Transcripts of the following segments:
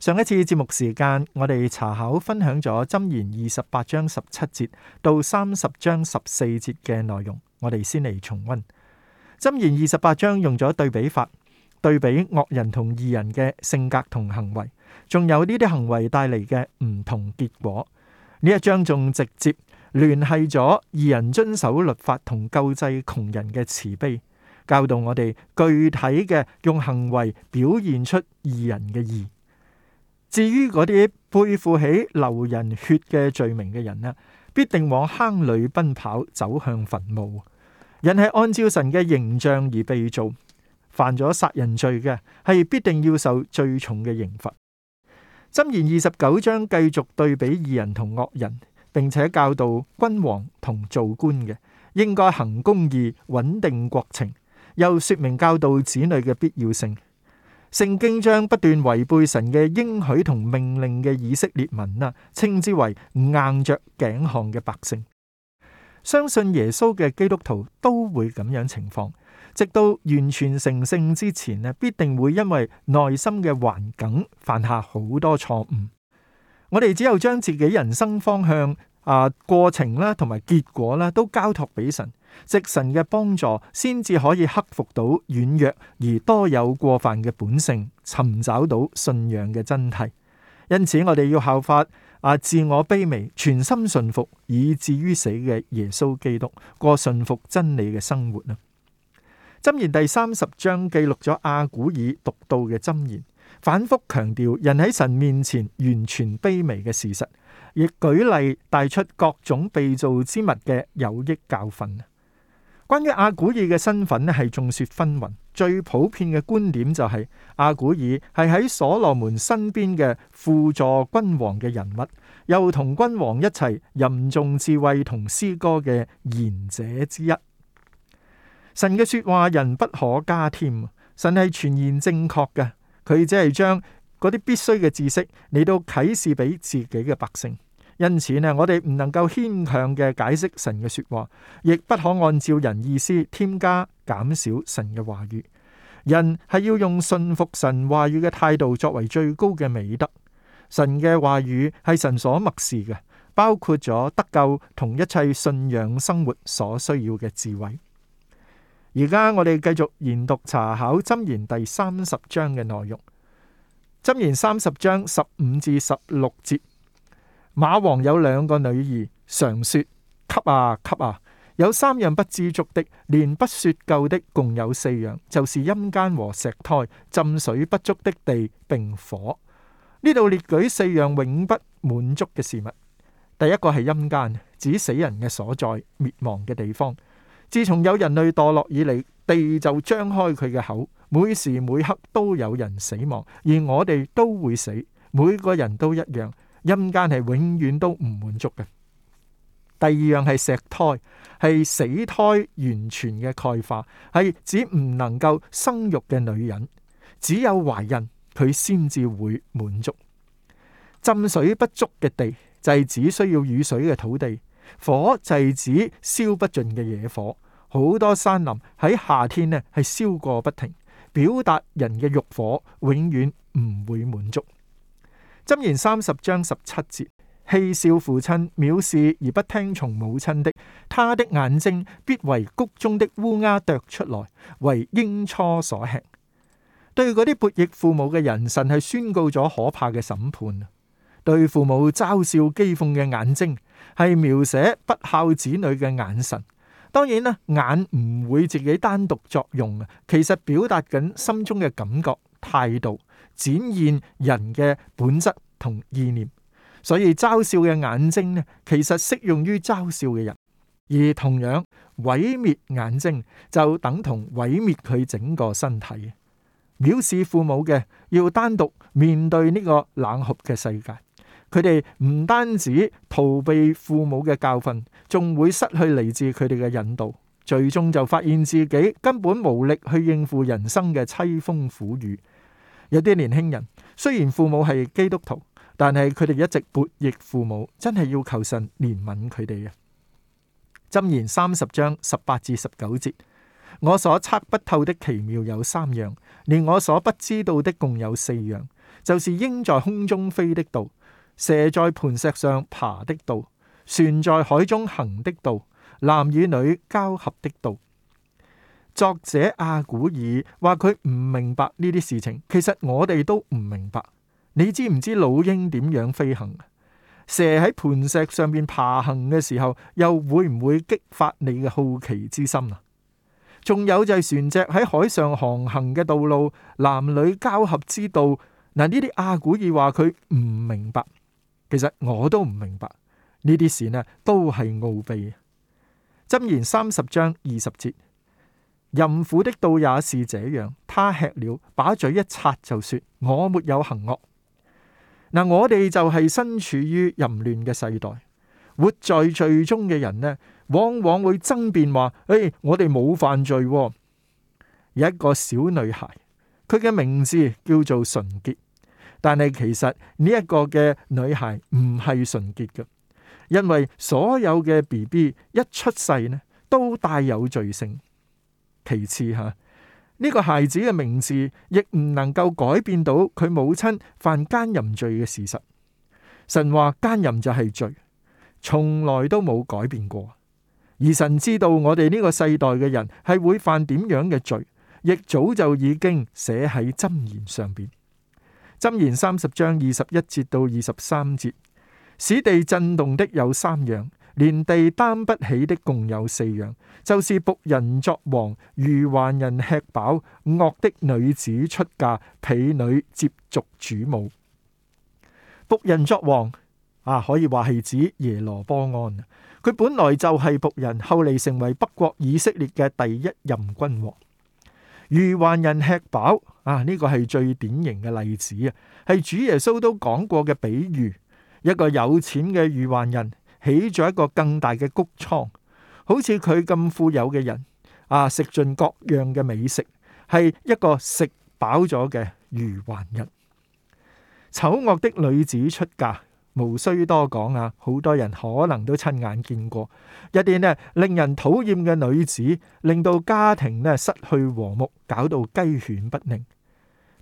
上一次節目時間，我哋查考分享咗《箴言》二十八章十七節到三十章十四節嘅內容。我哋先嚟重溫《箴言》二十八章，用咗對比法，對比惡人同義人嘅性格同行為，仲有呢啲行為帶嚟嘅唔同結果。呢一章仲直接聯繫咗義人遵守律法同救濟窮人嘅慈悲，教導我哋具體嘅用行為表現出義人嘅義。至於嗰啲背負起流人血嘅罪名嘅人咧，必定往坑裏奔跑，走向墳墓。人係按照神嘅形象而被造，犯咗殺人罪嘅，係必定要受最重嘅刑罰。箴言二十九章繼續對比義人同惡人，並且教導君王同做官嘅，應該行公義、穩定國情，又說明教導子女嘅必要性。聖經將不斷違背神嘅應許同命令嘅以色列民啊，稱之為硬著頸項嘅百姓。相信耶穌嘅基督徒都會咁樣情況，直到完全成聖之前咧，必定會因為內心嘅頑梗犯下好多錯誤。我哋只有將自己人生方向、啊過程啦，同埋結果啦，都交託俾神。藉神嘅幫助，先至可以克服到軟弱而多有過犯嘅本性，尋找到信仰嘅真諦。因此，我哋要效法啊，自我卑微，全心信服，以至於死嘅耶穌基督，過信服真理嘅生活啊。箴言第三十章記錄咗亞古珥獨到嘅箴言，反復強調人喺神面前完全卑微嘅事實，亦舉例帶出各種被造之物嘅有益教訓。關於亞古珥嘅身份咧，係眾說紛紜。最普遍嘅觀點就係，亞古珥係喺所羅門身邊嘅輔助君王嘅人物，又同君王一齊任重智慧同詩歌嘅賢者之一。神嘅說話人不可加添，神係全然正確嘅，佢只係將嗰啲必須嘅知識嚟到啟示俾自己嘅百姓。因此咧，我哋唔能夠牽強嘅解釋神嘅說話，亦不可按照人意思添加減少神嘅話語。人係要用信服神話語嘅態度作為最高嘅美德。神嘅話語係神所默示嘅，包括咗得救同一切信仰生活所需要嘅智慧。而家我哋繼續研讀查考《箴言》第三十章嘅內容，《箴言》三十章十五至十六節。螞蟥有兩個女兒，常說：給啊給啊！有三樣不知足的，連不說夠的，共有四樣，就是陰間和石胎，浸水不足的地，並火。呢度列舉四樣永不滿足嘅事物。第一個係陰間，指死人嘅所在、滅亡嘅地方。自從有人類墮落以嚟，地就張開佢嘅口，每時每刻都有人死亡，而我哋都會死，每個人都一樣。陰間係永遠都唔滿足嘅。第二樣係石胎，係死胎，完全嘅鈣化，係指唔能夠生育嘅女人，只有懷孕佢先至會滿足。浸水不足嘅地，就係只需要雨水嘅土地；火就係指燒不盡嘅野火。好多山林喺夏天呢係燒過不停，表達人嘅欲火永遠唔會滿足。箴言三十章十七節：戲笑父親，藐視而不聽從母親的，他的眼睛必為谷中的烏鴉啄出來，為鷹雛所吃。對嗰啲悖逆父母嘅人，神係宣告咗可怕嘅審判。對父母嘲笑譏諷嘅眼睛，係描寫不孝子女嘅眼神。當然啦，眼唔會自己單獨作用啊，其實表達緊心中嘅感覺態度。展現人嘅本質同意念，所以嘲笑嘅眼睛呢，其實適用於嘲笑嘅人；而同樣毀滅眼睛，就等同毀滅佢整個身體。藐視父母嘅，要單獨面對呢個冷酷嘅世界。佢哋唔單止逃避父母嘅教訓，仲會失去嚟自佢哋嘅引導，最終就發現自己根本無力去應付人生嘅淒風苦雨。有啲年輕人雖然父母係基督徒，但係佢哋一直悖逆父母，真係要求神憐憫佢哋嘅。箴言三十章十八至十九節，我所測不透的奇妙有三樣，連我所不知道的共有四樣，就是鷹在空中飛的道，蛇在磐石上爬的道，船在海中行的道，男與女交合的道。作者亞古珥話佢唔明白呢啲事情，其實我哋都唔明白。你知唔知老鷹點樣飛行？蛇喺盤石上邊爬行嘅時候，又會唔會激發你嘅好奇之心啊？仲有就係船隻喺海上航行嘅道路，男女交合之道嗱，呢啲亞古珥話佢唔明白，其實我都唔明白呢啲事呢，都係奧秘。箴言三十章二十節。淫婦的道也是這樣，他吃了，把嘴一擦就說：我沒有行惡。嗱、嗯，我哋就係身處於淫亂嘅世代，活在罪中嘅人呢，往往會爭辯話：誒、哎，我哋冇犯罪、哦。有一個小女孩，佢嘅名字叫做純潔，但係其實呢一個嘅女孩唔係純潔嘅，因為所有嘅 B B 一出世呢，都帶有罪性。其次吓，呢個孩子嘅名字亦唔能夠改變到佢母親犯奸淫罪嘅事實。神話奸淫就係罪，從來都冇改變過。而神知道我哋呢個世代嘅人係會犯點樣嘅罪，亦早就已經寫喺箴言上邊。箴言三十章二十一節到二十三節，使地震動的有三樣。連地擔不起的共有四樣，就是僕人作王、愚頑人吃飽、惡的女子出嫁、婢女接續主母。僕人作王啊，可以話係指耶羅波安，佢本來就係僕人，後嚟成為北國以色列嘅第一任君王。愚頑人吃飽啊，呢、這個係最典型嘅例子啊，係主耶穌都講過嘅比喻，一個有錢嘅愚頑人。起咗一個更大嘅穀倉，好似佢咁富有嘅人啊，食盡各樣嘅美食，係一個食飽咗嘅愚頑人。醜惡的女子出嫁，無需多講啊，好多人可能都親眼見過一啲呢令人討厭嘅女子，令到家庭呢失去和睦，搞到雞犬不寧。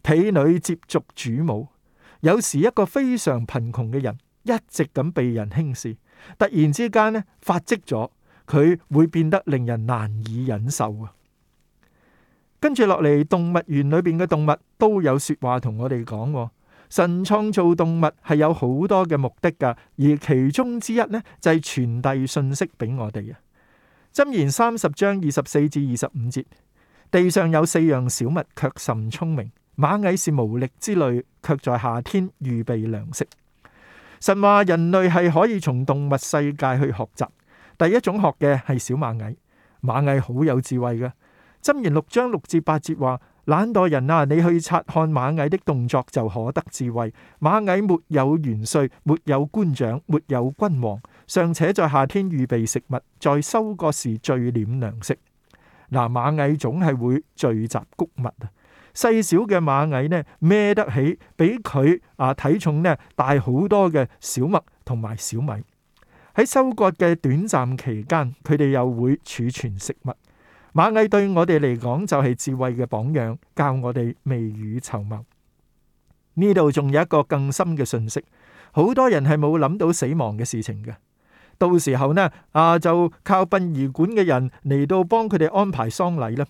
婢女接續主母，有時一個非常貧窮嘅人一直咁被人輕視。突然之間呢發迹咗，佢會變得令人難以忍受啊！跟住落嚟，動物園裏邊嘅動物都有說話同我哋講。神創造動物係有好多嘅目的噶，而其中之一呢，就係、是、傳遞信息俾我哋啊。箴言三十章二十四至二十五節：地上有四樣小物，卻甚聰明；螞蟻是無力之類，卻在夏天預備糧食。神話人類係可以從動物世界去學習，第一種學嘅係小螞蟻。螞蟻好有智慧嘅。箴言六章六至八節話：懶惰人啊，你去察看螞蟻的動作就可得智慧。螞蟻沒有元帥，沒有官長，沒有君王，尚且在夏天預備食物，在收割時聚斂糧食。嗱，螞蟻總係會聚集穀物。細小嘅螞蟻呢，孭得起比佢啊體重呢大好多嘅小麥同埋小米。喺收割嘅短暫期間，佢哋又會儲存食物。螞蟻對我哋嚟講就係智慧嘅榜樣，教我哋未雨綢繆。呢度仲有一個更深嘅信息，好多人係冇諗到死亡嘅事情嘅。到時候呢啊就靠殯儀館嘅人嚟到幫佢哋安排喪禮啦。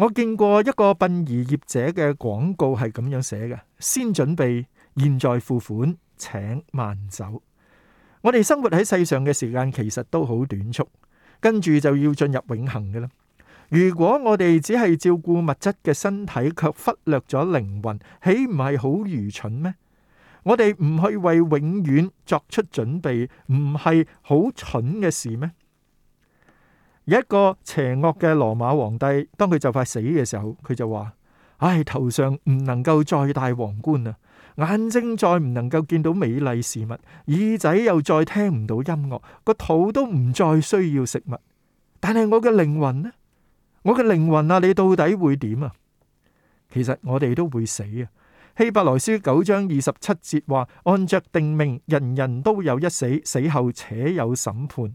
我見過一個殯儀業者嘅廣告係咁樣寫嘅：先準備，現在付款，請慢走。我哋生活喺世上嘅時間其實都好短促，跟住就要進入永恆嘅啦。如果我哋只係照顧物質嘅身體，卻忽略咗靈魂，豈唔係好愚蠢咩？我哋唔去為永遠作出準備，唔係好蠢嘅事咩？一個邪惡嘅羅馬皇帝，當佢就快死嘅時候，佢就話：唉、哎，頭上唔能夠再戴皇冠啦，眼睛再唔能夠見到美麗事物，耳仔又再聽唔到音樂，個肚都唔再需要食物。但係我嘅靈魂呢？我嘅靈魂啊，你到底會點啊？其實我哋都會死啊！希伯來書九章二十七節話：按着定命，人人都有一死，死後且有審判。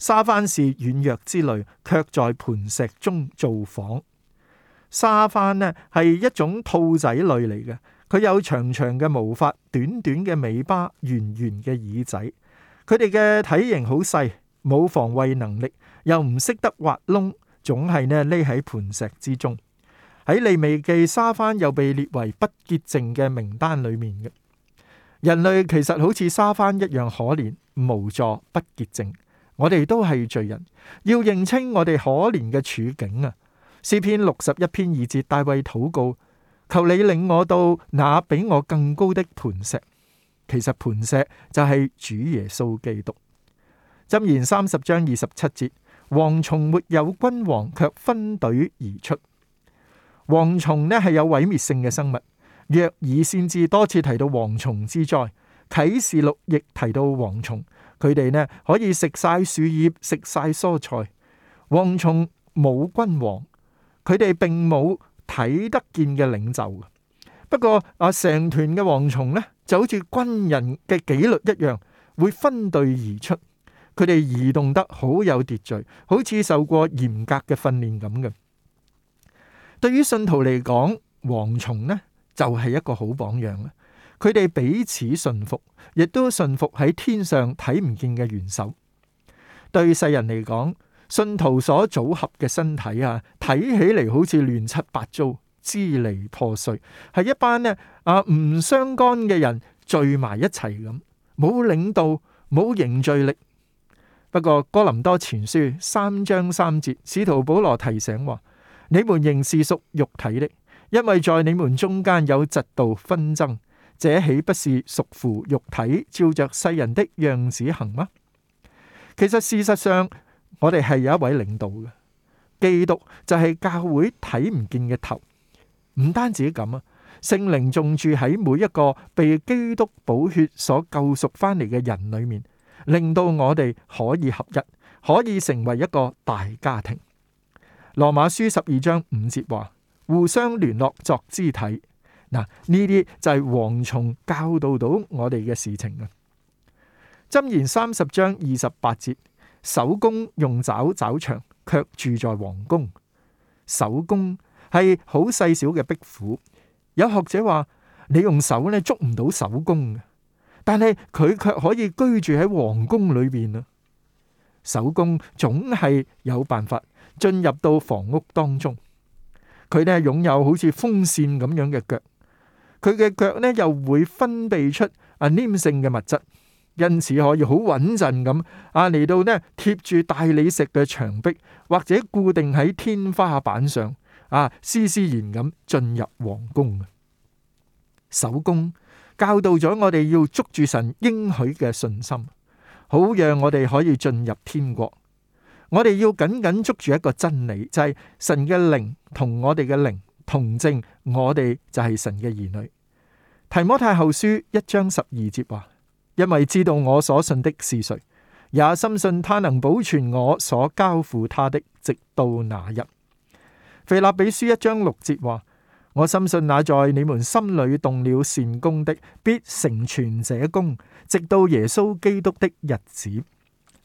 沙番是軟弱之類，卻在磐石中造房。沙番呢係一種兔仔類嚟嘅，佢有長長嘅毛髮、短短嘅尾巴、圓圓嘅耳仔。佢哋嘅體型好細，冇防衛能力，又唔識得挖窿，總係呢匿喺磐石之中。喺利未記，沙番又被列為不潔淨嘅名單裏面嘅。人類其實好似沙番一樣可憐無助，不潔淨。我哋都係罪人，要認清我哋可憐嘅處境啊！詩篇六十一篇二節，大衛禱告：求你領我到那比我更高的磐石。其實磐石就係主耶穌基督。箴言三十章二十七節：蝗蟲沒有君王，卻分隊而出。蝗蟲呢係有毀滅性嘅生物。約珥先知多次提到蝗蟲之災，啟示錄亦提到蝗蟲。佢哋呢可以食晒樹葉、食晒蔬菜。蝗蟲冇君王，佢哋並冇睇得見嘅領袖。不過啊，成團嘅蝗蟲呢，就好似軍人嘅紀律一樣，會分隊而出。佢哋移動得好有秩序，好似受過嚴格嘅訓練咁嘅。對於信徒嚟講，蝗蟲呢就係、是、一個好榜樣啊！佢哋彼此信服，亦都信服喺天上睇唔見嘅元首。對世人嚟講，信徒所組合嘅身體啊，睇起嚟好似亂七八糟、支離破碎，係一班呢啊唔相干嘅人聚埋一齊咁，冇領導，冇凝聚力。不過哥林多前書三章三節，使徒保羅提醒話：你們仍是屬肉體的，因為在你們中間有嫉妒紛爭。這豈不是屬乎肉體，照着世人的樣子行嗎？其實事實上，我哋係有一位領導嘅，基督就係教會睇唔見嘅頭。唔單止咁啊，聖靈仲住喺每一個被基督寶血所救贖翻嚟嘅人裏面，令到我哋可以合一，可以成為一個大家庭。羅馬書十二章五節話：互相聯絡作肢體。嗱，呢啲就係蝗蟲教導到我哋嘅事情啊！箴言三十章二十八節，守宮用爪抓牆，却住在皇宮。守宮係好細小嘅壁虎，有學者話你用手咧捉唔到守宮，但係佢却可以居住喺皇宮裏邊啊！守宮總係有辦法進入到房屋當中，佢哋擁有好似風扇咁樣嘅腳。佢嘅腳呢又會分泌出啊黏性嘅物質，因此可以好穩陣咁啊嚟到呢貼住大理石嘅牆壁或者固定喺天花板上啊，斯斯然咁進入皇宮。守宮教導咗我哋要捉住神應許嘅信心，好讓我哋可以進入天國。我哋要緊緊捉住一個真理，就係神嘅靈同我哋嘅靈同證，我哋就係神嘅兒女。提摩太後書一章十二節話：因為知道我所信的是誰，也深信他能保存我所交付他的，直到那日。腓立比書一章六節話：我深信那在你們心裏動了善工的，必成全這工，直到耶穌基督的日子。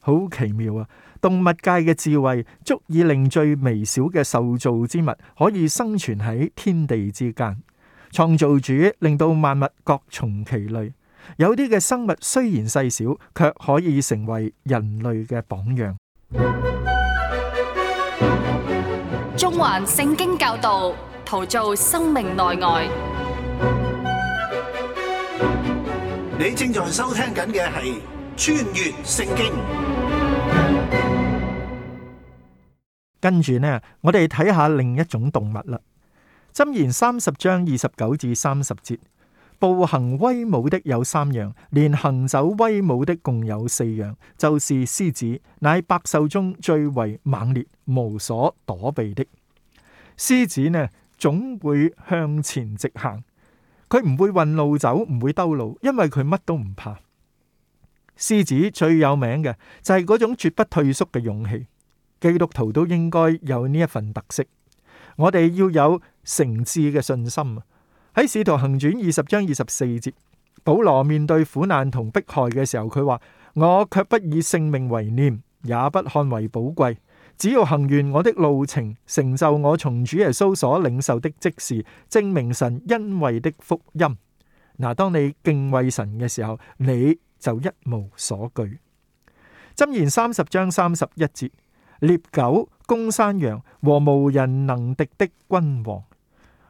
好奇妙啊！動物界嘅智慧足以令最微小嘅受造之物可以生存喺天地之間。創造主令到萬物各從其類，有啲嘅生物雖然細小，卻可以成為人類嘅榜樣。中環聖經教導，陶造生命內外。你正在收聽緊嘅係《穿越聖經》。跟住呢，我哋睇下另一種動物啦。箴言三十章二十九至三十節，步行威武的有三樣，連行走威武的共有四樣，就是獅子，乃百獸中最為猛烈、無所躲避的。獅子呢，總會向前直行，佢唔會彎路走，唔會兜路，因為佢乜都唔怕。獅子最有名嘅就係嗰種絕不退縮嘅勇氣。基督徒都應該有呢一份特色。我哋要有誠摯嘅信心。喺《使徒行傳》二十章二十四節，保羅面對苦難同迫害嘅時候，佢話：我卻不以性命為念，也不看為寶貴，只要行完我的路程，成就我從主耶穌所領受的職事，證明神恩惠的福音。嗱，當你敬畏神嘅時候，你就一無所懼。《箴言》三十章三十一節。獵狗、公山羊和無人能敵的君王。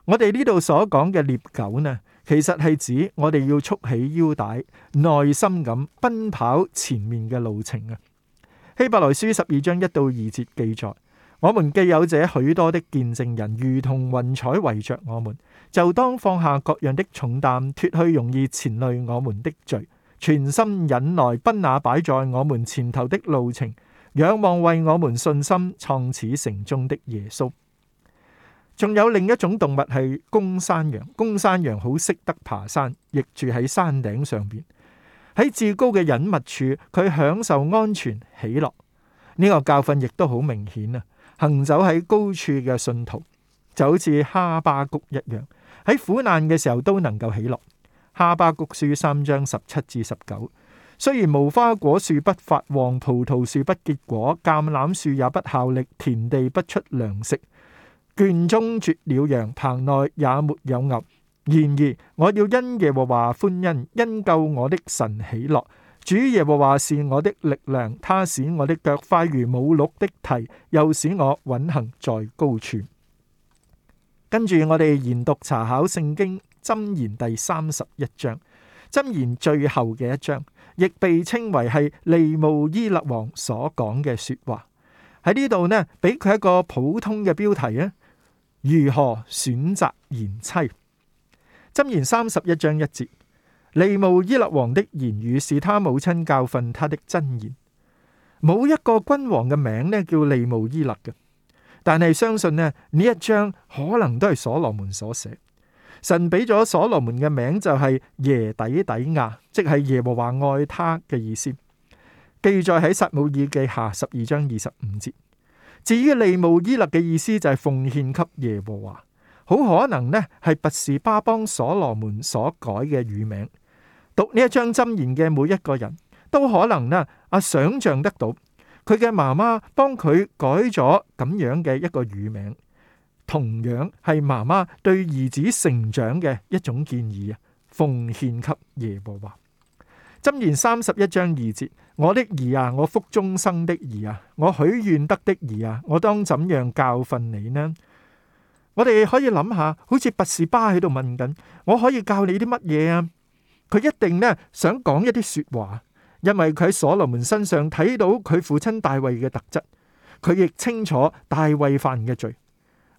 我哋呢度所講嘅獵狗呢，其實係指我哋要束起腰帶，耐心咁奔跑前面嘅路程啊。希伯來書十二章一到二節記載：我們既有這許多的見證人，如同雲彩圍着我們，就當放下各樣的重擔，脱去容易纏累我們的罪，全心忍耐，奔那擺在我們前頭的路程。仰望為我們信心創始成終的耶穌。仲有另一種動物係公山羊，公山羊好識得爬山，亦住喺山頂上邊，喺至高嘅隱密處，佢享受安全喜樂。呢、這個教訓亦都好明顯啊！行走喺高處嘅信徒，就好似哈巴谷一樣，喺苦難嘅時候都能夠喜樂。哈巴谷書三章十七至十九。19, 雖然無花果樹不發黃，葡萄樹不結果，橄欖樹也不效力，田地不出糧食，圈中絕了羊，棚內也沒有牛。然而我要因耶和華歡欣，因救我的神喜樂。主耶和華是我的力量，他使我的腳快如母鹿的蹄，又使我穩行在高處。跟住我哋研讀查考聖經箴言第三十一章，箴言最後嘅一章。亦被稱為係利慕伊勒王所講嘅說話，喺呢度呢俾佢一個普通嘅標題啊，如何選擇賢妻？箴言三十一章一節，利慕伊勒王的言語是他母親教訓他的真言。冇一個君王嘅名呢叫利慕伊勒嘅，但係相信呢呢一章可能都係所羅門所寫。神俾咗所羅門嘅名就係耶底底亞，即係耶和華愛他嘅意思。記載喺撒母耳記下十二章二十五節。至於利慕伊勒嘅意思就係奉獻給耶和華，好可能咧係拔示巴幫所羅門所改嘅乳名。讀呢一章箴言嘅每一個人都可能咧阿，想象得到，佢嘅媽媽幫佢改咗咁樣嘅一個乳名。同樣係媽媽對兒子成長嘅一種建議啊，奉獻給耶和華。箴言三十一章二節：，我的兒啊，我腹中生的兒啊，我許願得的兒啊，我當怎樣教訓你呢？我哋可以諗下，好似拔士巴喺度問緊，我可以教你啲乜嘢啊？佢一定呢想講一啲說話，因為佢喺所羅門身上睇到佢父親大衛嘅特質，佢亦清楚大衛犯嘅罪。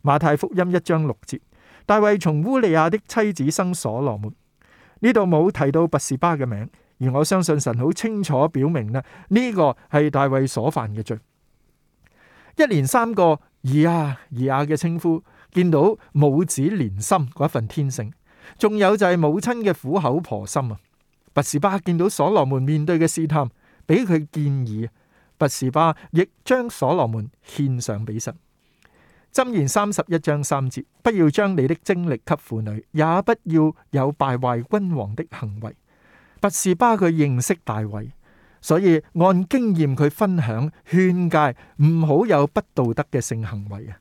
馬太福音一章六節，大衛從烏利亞的妻子生所羅門。呢度冇提到拔士巴嘅名，而我相信神好清楚表明啦，呢、呢個係大衛所犯嘅罪。一連三個兒啊兒啊嘅稱呼，見到母子連心嗰份天性，仲有就係母親嘅苦口婆心啊。拔士巴見到所羅門面對嘅試探，俾佢建議。拔士巴亦將所羅門獻上俾神。箴言三十一章三節，不要將你的精力給婦女，也不要有敗壞君王的行為。拔士巴佢認識大衛，所以按經驗佢分享勸誡，唔好有不道德嘅性行為啊。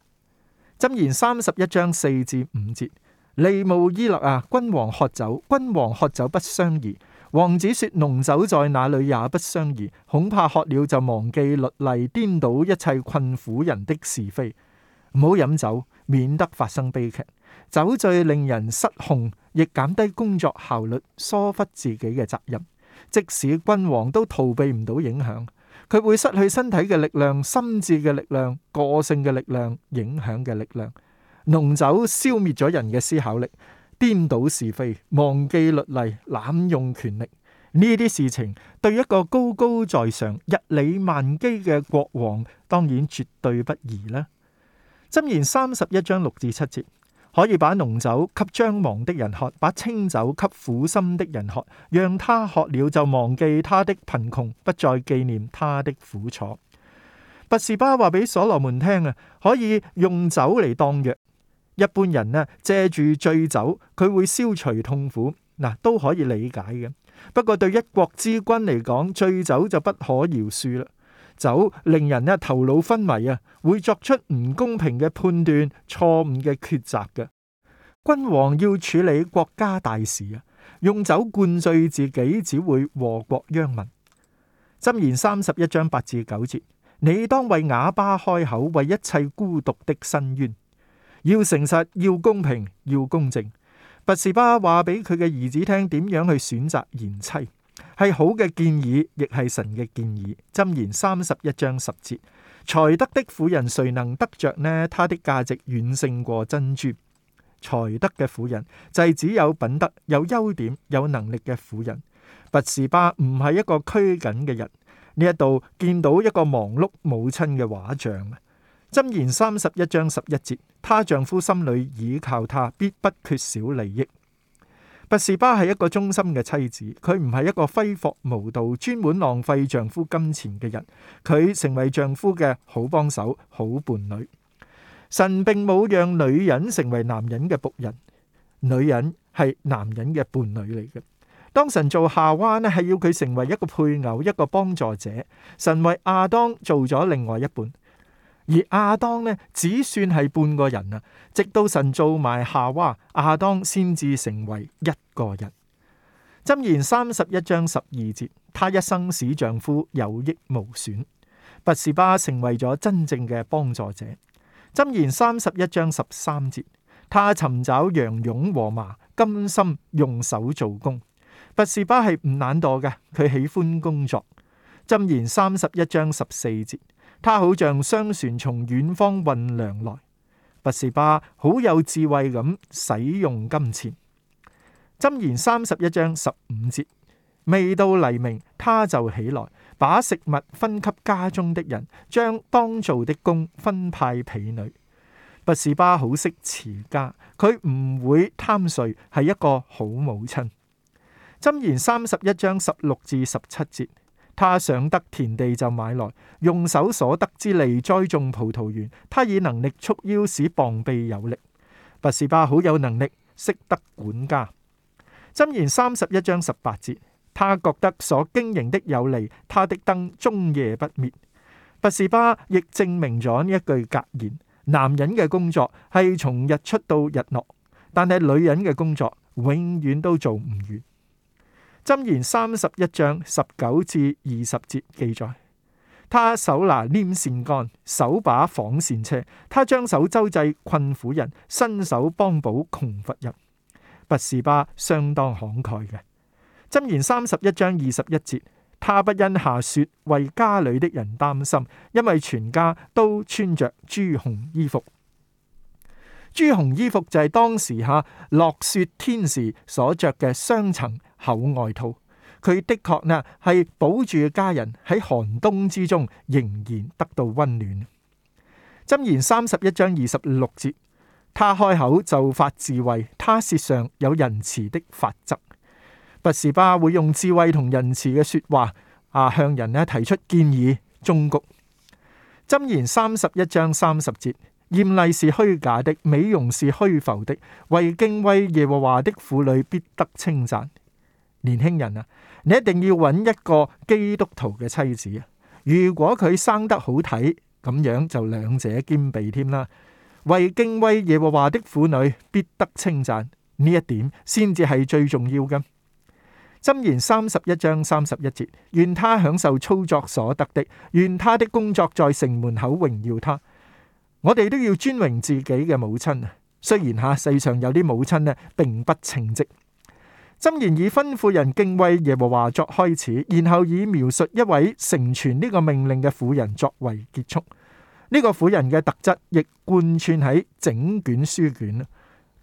箴言三十一章四至五節，利慕伊勒啊，君王喝酒，君王喝酒不相宜。王子說濃酒在哪裏也不相宜，恐怕喝了就忘記律例，顛倒一切困苦人的是非。唔好飲酒，免得發生悲劇。酒醉令人失控，亦減低工作效率，疏忽自己嘅責任。即使君王都逃避唔到影響，佢會失去身體嘅力量、心智嘅力量、個性嘅力量、影響嘅力量。濃酒消滅咗人嘅思考力，顛倒是非，忘記律例，濫用權力。呢啲事情對一個高高在上、日理萬機嘅國王，當然絕對不宜啦。箴言三十一章六至七節，可以把濃酒給將亡的人喝，把清酒給苦心的人喝，讓他喝了就忘記他的貧窮，不再紀念他的苦楚。拔士巴話俾所羅門聽啊，可以用酒嚟當藥。一般人呢借住醉酒，佢會消除痛苦，嗱都可以理解嘅。不過對一國之君嚟講，醉酒就不可饒恕啦。酒令人一頭腦昏迷啊，會作出唔公平嘅判斷、錯誤嘅抉擇嘅。君王要處理國家大事啊，用酒灌醉自己只會禍國殃民。箴言三十一章八至九節：，你當為啞巴開口，為一切孤獨的伸冤。要誠實，要公平，要公正。拔士巴話俾佢嘅兒子聽點樣去選擇賢妻。係好嘅建議，亦係神嘅建議。箴言三十一章十節：，才德的婦人，誰能得着呢？她的價值遠勝過珍珠。才德嘅婦人就係、是、只有品德、有優點、有能力嘅婦人。拔士巴唔係一個拘謹嘅人，呢一度見到一個忙碌母親嘅畫像。箴言三十一章十一節：，她丈夫心裏倚靠她，必不缺少利益。拔示巴係一個忠心嘅妻子，佢唔係一個揮霍無度、專門浪費丈夫金錢嘅人，佢成為丈夫嘅好幫手、好伴侶。神並冇讓女人成為男人嘅僕人，女人係男人嘅伴侶嚟嘅。當神造夏娃呢，係要佢成為一個配偶、一個幫助者。神為亞當做咗另外一半。而亞當呢，只算係半個人啊！直到神做埋夏娃，亞當先至成為一個人。箴言三十一章十二節，他一生使丈夫有益無損。拔士巴成為咗真正嘅幫助者。箴言三十一章十三節，他尋找羊絨和麻，甘心用手做工。拔士巴係唔懶惰嘅，佢喜歡工作。箴言三十一章十四節。他好像雙船從遠方運糧來。拔士巴好有智慧咁使用金錢。箴言三十一章十五節，未到黎明他就起來，把食物分給家中的人，將當做的工分派婢女。拔士巴好識持家，佢唔會貪睡，係一個好母親。箴言三十一章十六至十七節。他想得田地就買來，用手所得之利栽種葡萄園。他以能力束腰使膀臂有力。拔士巴好有能力，識得管家。箴言三十一章十八節，他覺得所經營的有利，他的燈終夜不滅。拔士巴亦證明咗呢一句格言：男人嘅工作係從日出到日落，但係女人嘅工作永遠都做唔完。箴言三十一章十九至二十節記載，他手拿捻線竿，手把紡線車。他將手周濟困苦人，伸手幫補窮乏人，不是吧？相當慷慨嘅。箴言三十一章二十一節，他不因下雪為家裏的人擔心，因為全家都穿着朱紅衣服。朱紅衣服就係當時下落雪天時所着嘅雙層厚外套，佢的確呢係保住嘅家人喺寒冬之中，仍然得到溫暖。箴言三十一章二十六節，他開口就發智慧，他舌上有仁慈的法則。拔士巴會用智慧同仁慈嘅說話啊，向人呢提出建議。忠局箴言三十一章三十節，艷麗是虛假的，美容是虛浮的。為敬畏耶和華的婦女，必得稱讚。年輕人啊，你一定要揾一個基督徒嘅妻子啊！如果佢生得好睇，咁樣就兩者兼備添啦。為敬畏耶和華的婦女，必得稱讚。呢一點先至係最重要嘅。箴言三十一章三十一節：願他享受操作所得的，願他的工作在城門口榮耀他。我哋都要尊榮自己嘅母親啊！雖然吓世上有啲母親咧，並不稱職。箴言以吩咐人敬畏耶和華作開始，然後以描述一位成全呢個命令嘅婦人作為結束。呢個婦人嘅特質亦貫穿喺整卷書卷啊！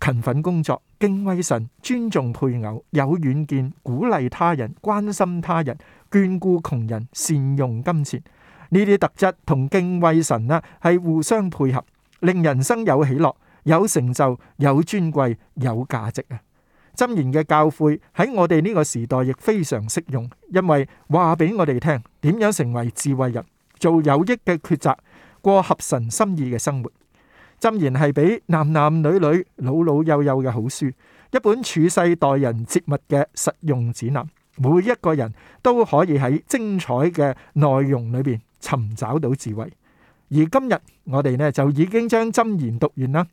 勤奮工作、敬畏神、尊重配偶、有遠見、鼓勵他人、關心他人、眷顧窮人、善用金錢，呢啲特質同敬畏神啊，係互相配合，令人生有喜樂、有成就、有尊貴、有價值啊！箴言嘅教誨喺我哋呢個時代亦非常適用，因為話俾我哋聽點樣成為智慧人，做有益嘅抉擇，過合神心意嘅生活。箴言係俾男男女女、老老幼幼嘅好書，一本處世待人接物嘅實用指南。每一個人都可以喺精彩嘅內容裏邊尋找到智慧。而今日我哋呢就已經將箴言讀完啦。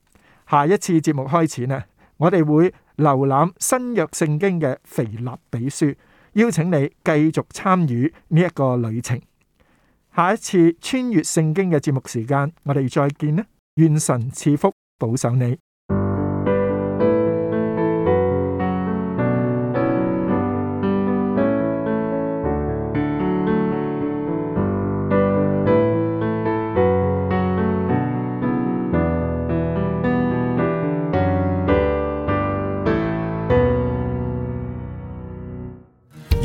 下一次節目開始呢，我哋會瀏覽新約聖經嘅腓立比書，邀請你繼續參與呢一個旅程。下一次穿越聖經嘅節目時間，我哋再見啦！願神賜福保守你。